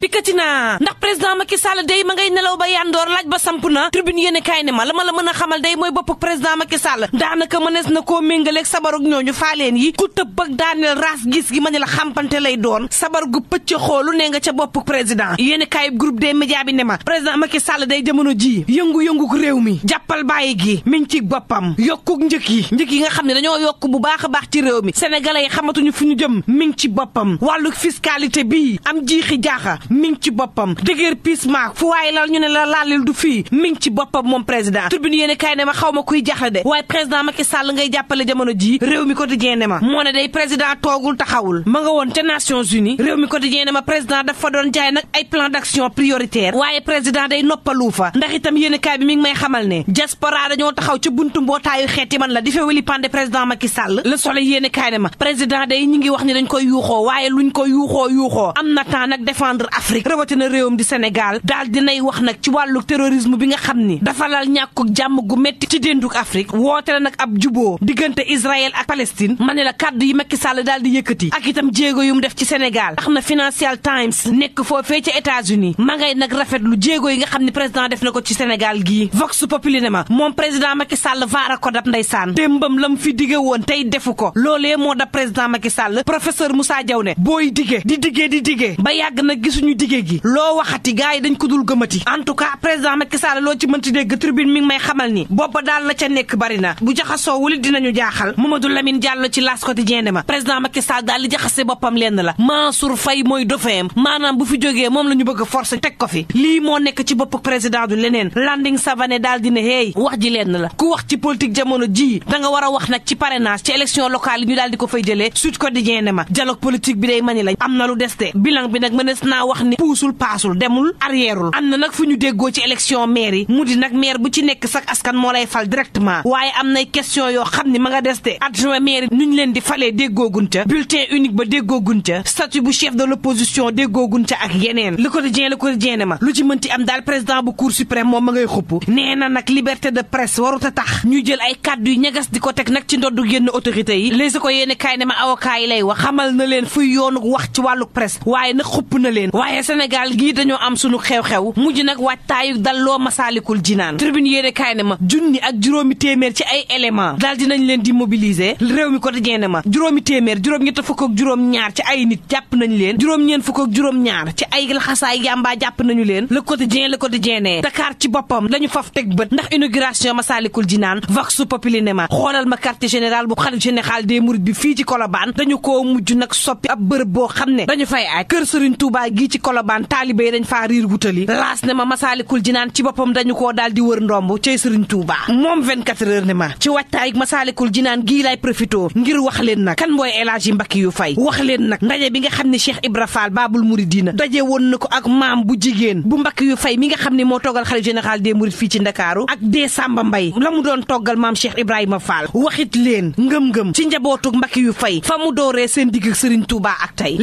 pikkati naa ndax président Macky Sall day ma ngay nelaw ba yandoor laaj ba samp na tribune yéene kaay ne ma la ma la mën a xamal day mooy bopp président Macky Sall daanaka mënees na koo méngaleeg sabarug ñu faaleen yi ku tëb ak daaneel raas gis gi ma ne la xampante lay doon sabar gu pëcc xoolu nee nga ca bopp président yéene kaayub groupe des médias bi ne ma président Macky Sall day jamono ji yëngu-yëngu réew mi jàppal bàyyi gi miñ ci boppam yokkuk njëkk yi njëkk yi nga xam ne dañoo yokk bu baax a baax ci réew mi sénégalais yi xamatuñu fu ñu jëm miñ ci boppam wàllu fiscalité bi am jiixi jaaxa mi ngi ci boppam dëgër piis maak fu waaye lal ñu ne la laalil du fii mi ngi ci boppam moom président tribune yéen kaay ma xaw ma kuy jaxle de waaye président Macky Sall ngay jàppale jamono jii réew mi quotidien ne ma moo ne day président toogul taxawul ma woon ca Nations Unies réew mi quotidien ne ma président dafa doon jaay nag ay plan d'action prioritaire waaye président day noppalu fa ndax itam yéen kaay bi mi ngi may xamal ne diaspora dañoo taxaw ca buntu mbootaayu xeet yi man la di fa wéli pande président Macky Sall le soleil yéen kaay ne ma président day ñi ngi wax ni dañ koy yuuxoo waaye luñ ko yuuxoo yuuxoo am na temps nag Afrique rawatina réewam di Sénégal daal dinay wax nag ci wàllu terrorisme bi nga xam ni dafa lal ñàkkug jàmm gu métti ci dénduk Afrique woote la nag ab juboo diggante Israël ak Palestine ma ne la kàddu yi Macky Sall daal di yëkkati ak itam jéego yu mu def ci Sénégal tax na Financial Times nekk foofee ci États-Unis ma ngay nag rafetlu jéego yi nga xam ne président def na ko ci Sénégal gii Vox Populi ne ma moom président Macky Sall vaara ko dab saan démbam la mu fi dige woon tey defu ko loolee moo président Macky Sall professeur Moussa Diaw ne booy dige di dige di dige ba yàgg na gisuñu suñu digee gi loo waxati gars dañ ko dul gëmati en président Macky Sall loo ci mënti dégg tribune mi ngi may xamal ni booba daal la ca nekk bari bu jaxasoo wuli dinañu jaaxal Mamadou Lamine Diallo ci L'As Quotidien ne ma président Macky Sall daal li jaxase boppam lenn la Mansour Faye mooy dofeem maanaam bu fi jógee moom la bëgg a forcé teg ko fi lii moo nekk ci bopp président du leneen Landing Savané daal dina hey wax ji lenn la ku wax ci politique jamono ji da a wax wax ni puusul paasul demul arrièreul am na nag fu ñu déggoo ci élection maire yi mu di nag maire bu ci nekk sax askan moo lay fal directement waaye am nay question yoo xam ni ma nga des de adjoint maire yi ñu leen di falee déggoogunta bulletin unique ba ca statut bu chef de l'opposition ca ak yeneen le quotidien le quotidien ne ma lu ci mënti am daal président bu cour suprême moom ma ngay xupp nee na nag liberté de presse warut a tax ñuy jël ay kàddu yu ñagas di ko teg nag ci ndoddu yenn autorités yi les ko yéene kaay ne ma avocat lay wax xamal na leen fuy yoonu wax ci wàllu presse waaye nag xupp na leen waaye Sénégal gii dañoo am sunu xew-xew mujj nag waajtaayu dalloo masaalikul jinaan tribune yéene kaay ne ma junni ak juróomi téeméer ci ay élément daal dinañ leen di mobiliser réew mi quotidien ne ma juróomi téeméer juróom-ñett fukk ak juróom-ñaar ci ay nit jàpp nañ leen juróom-ñeen fukk ak juróom-ñaar ci ay laxasaay yàmbaa jàpp nañu leen le quotidien le quotidien ne Dakar ci boppam lañu faf teg bët ndax inauguration masaalikul jinaan vox populi ne ma xoolal ma quartier général bu xalif général des mourides bi fii ci Colobane dañu koo mujj nag soppi ab bërëb boo xam ne dañu ci kolobaan taalibe yi dañ faa riir wutali laas ne ma masaalikul jinaan ci boppam dañu koo daal di wër ndomb cey sëriñ Tuuba moom 24 heures ne ma ci waajtaayug masaalikul jinaan gii lay profito ngir wax leen nag kan mooy El Hadji Mbacke yu fay wax leen nag ndaje bi nga xam ne Cheikh Ibra Fall Baabul Muridina daje woon na ko ak maam bu jigéen bu Mbacke yu fay mi nga xam ne moo toggal xalif général des mourides fii ci Ndakaaru ak dee Samba Mbay la mu doon toggal maam Cheikh Ibrahima Fall waxit leen ngëm-ngëm ci njabootug Mbacke yu fay fa mu dooree seen digg sëriñ Tuuba ak tey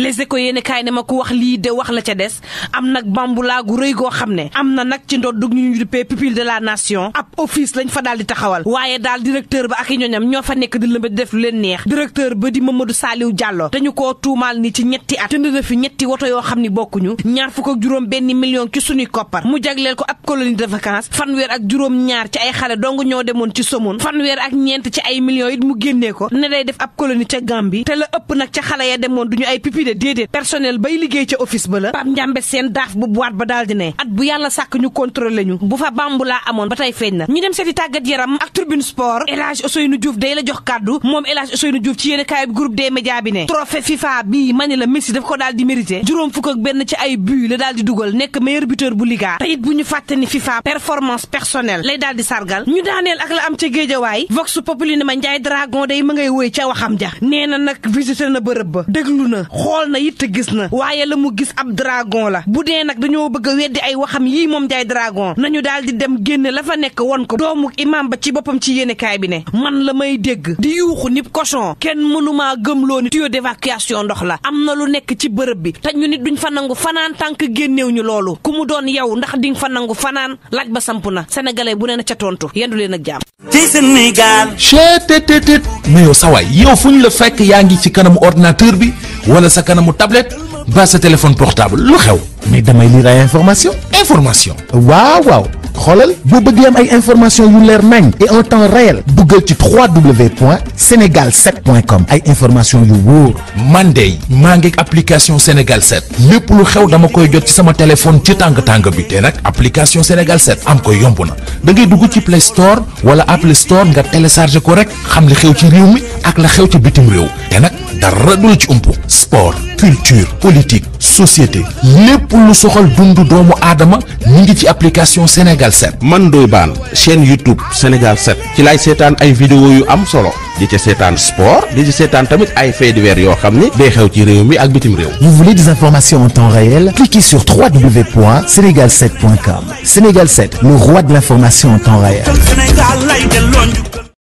la ca des am nag bambulaa gu rëy goo xam ne am na nag ci ndoddug ñu ñu duppee pupille de la nation ab office lañ fa daal taxawal waaye daal directeur ba ak i ñoñam ñoo fa nekk di lëmbe di def lu leen neex directeur ba di Mamadou Saliou Diallo dañu koo tuumaal ni ci ñetti at jënd fi ñetti woto yoo xam ni bokkuñu ñaar fukk ak juróom benn million ci suñuy koppar mu jagleel ko ab colonie de vacances fanweer ak juróom ñaar ci ay xale dong ñoo demoon ci la Pape Njambe seen daaf bu boîte ba daal ne at bu yàlla sàkk ñu contrôlé ñu bu fa bambulaa amoon ba tey feeñ na ñu dem seeti tàggat yaram ak tribune sport El Hadj Ousseynou Diouf day la jox kàddu moom El Hadj Ousseynou Diouf ci yéen kaay groupe des médias bi ne trophée FIFA bii ma ne la Messi daf ko daal di mérité juróom fukk ak benn ci ay but la daal di dugal nekk meilleur buteur bu Liga te it bu ñu fàtte ni FIFA performance personnelle lay daal di sargal ñu daaneel ak la am ca géejawaay ne ma Njaay dragon day ma ngay woy ca waxam ja na nag na bërëb ba gis na waaye dragon la bu dee nag dañoo bëgg a weddi ay waxam yii moom Ndiaye dragon nañu daal di dem génne la fa nekk won ko doomu imaam ba ci boppam ci yéenekaay bi ne man la may dégg di yuuxu nib koson kenn mënumaa gëmloo ni tuyau d'évacuation ndox la am na lu nekk ci bërëb bi te ñu nit duñ fa nangu fanaan tànk génneew ñu loolu ku mu doon yow ndax di nga fa nangu fanaan laaj ba samp na sénégalais bu ne na ca tontu yendu leen ak jàmm ci Sénégal. chee tët tët mais yow sa waay yaa ngi ci kanamu ordinateur bi wala sa kanamu tablet ba sa téléphone portable lu xew mais damay lire ay information information waaw waaw xoolal boo bëggee am ay information yu leer nañ et en temps réel duggal ci www.senegal7.com ay information yu wóor man de maa ngi application Sénégal 7 lépp lu xew dama koy jot ci sama téléphone ci tàng tàng bi te nag application Sénégal 7 am koy yomb na da ngay dugg ci Play Store wala Apple Store nga télécharge ko rek xam li xew ci réew mi ak la xew ci bitim réew te nag dara du la ci umpu sport culture politique société lépp lu soxal dundu doomu aadama mi ngi ci application Sénégal 7 man doy baan chaîne YouTube Sénégal set ci laay seetaan ay vidéo yu am solo di ci seetaan sport di ci seetaan tamit ay faits divers yoo xam ni day xew ci réew mi ak bitim réew. Vous voulez des informations en temps réel? Cliquez sur wwwsenegal Sénégal set le roi de l'information en temps réel.